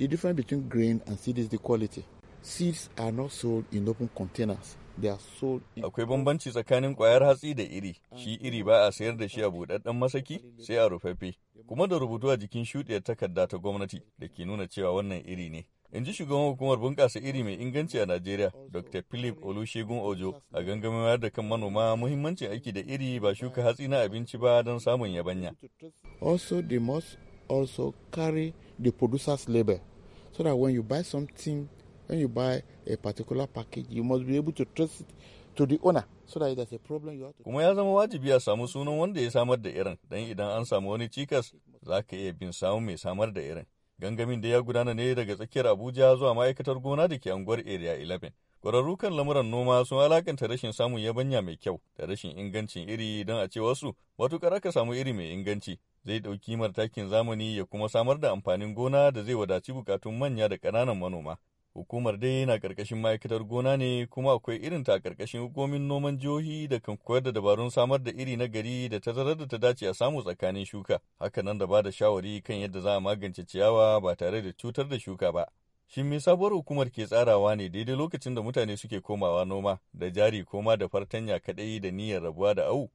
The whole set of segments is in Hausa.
The difference between grain and seed is the quality. Seeds are not sold in open containers. they are sold in Akwai bambanci tsakanin kwayar hatsi da iri, shi iri ba a sayar da shi a buɗaɗɗen masaki sai a rufaffe, kuma da rubutu a jikin shuɗiyar takarda ta gwamnati da ke nuna cewa wannan iri ne. in ji shugaban hukumar bunƙasa iri mai inganci a Najeriya, Dr. Philip Olusegun Ojo, a gangamin wayar da kan manoma muhimmancin aiki da iri ba shuka hatsi na abinci ba don samun yabanya. Also, they must also carry the producer's label so that when you buy something, when you buy a particular package, you must be able to trust it to the owner. Kuma ya zama wajibi a samu sunan wanda ya samar da irin, don idan an samu wani cikas za ka iya bin samun mai samar da irin. Gangamin da ya gudana ne daga tsakiyar Abuja zuwa ma'aikatar gona da ke anguwar Area 11. kwararrukan lamuran noma sun alakanta rashin samun yabanya mai kyau da rashin ingancin iri don a ce wasu matuƙar aka samu iri mai inganci zai ɗauki martakin zamani ya kuma samar da amfanin gona da zai wadaci bukatun manya da ƙananan manoma. Hukumar dai na ƙarƙashin ma'aikatar gona ne kuma akwai irin ta ƙarƙashin hukumomin noman jihohi da kan koyar da dabarun samar da iri na gari da tazarar da ta dace a samu tsakanin shuka. haka nan da ba da shawari kan yadda za a magance ciyawa ba tare da cutar da shuka ba. Shin me sabuwar hukumar ke tsarawa ne daidai lokacin da mutane suke komawa noma da jari koma da fartanya kaɗai da niyyar rabuwa da au?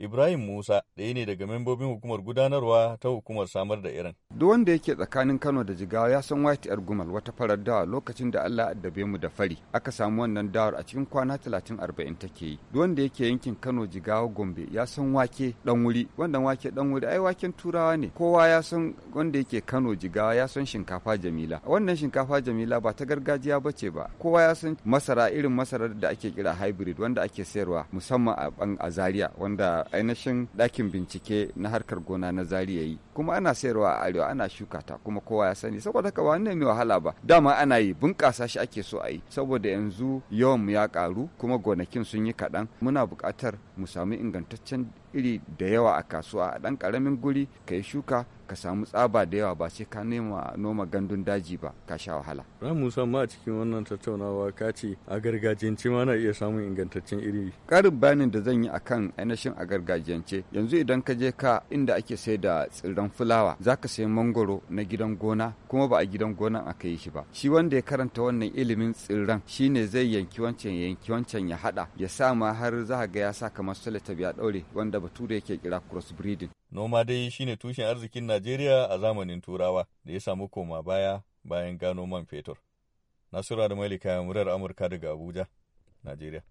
Ibrahim Musa ɗaya ne daga membobin hukumar gudanarwa ta hukumar samar da irin. duk wanda yake tsakanin kano da jigawa ya san white gumal wata farar dawa lokacin da allah addabe mu da fari aka samu wannan dawar a cikin kwana 30-40 take yi duk wanda yake yankin kano jigawa gombe ya san wake dan wuri wannan wake dan wuri ai waken turawa ne kowa ya san wanda yake kano jigawa ya san shinkafa jamila wannan shinkafa jamila ba ta gargajiya ba ce ba kowa ya san masara irin masarar da ake kira hybrid wanda ake sayarwa musamman a ban azaria wanda ainihin dakin bincike na harkar gona na Zariya yi kuma ana sayarwa a arewa cewa ana shuka ta kuma kowa ya sani saboda haka ba ne mai wahala ba dama ana yi bunƙasa shi ake so a yi saboda yanzu yawan ya ƙaru kuma gonakin sun yi kaɗan muna buƙatar mu samu ingantaccen iri da yawa a kasuwa a ɗan ƙaramin guri ka yi shuka ka samu tsaba da yawa ba sai ka nema noma gandun daji ba ka sha wahala. Ran Musa ma a cikin wannan tattaunawa ka ce a gargajiyance ma na iya samun ingantaccen iri. Karin bayanin da zan yi akan ainihin a gargajiyance yanzu idan ka je ka inda ake sai da tsirran fulawa za ka sayi mangoro na gidan gona kuma ba a gidan gona aka yi shi ba. Shi wanda ya karanta wannan ilimin tsirran shine zai yanki wancan yanki wancan ya hada ya sa ma har za ga ya sa kamar sulata ya daure wanda bature yake kira cross breeding. Noma dai shine tushen arzikin Najeriya a zamanin Turawa da ya samu koma baya bayan gano man fetur. Nasiru Nasura da Malika murar Amurka daga Abuja, Najeriya.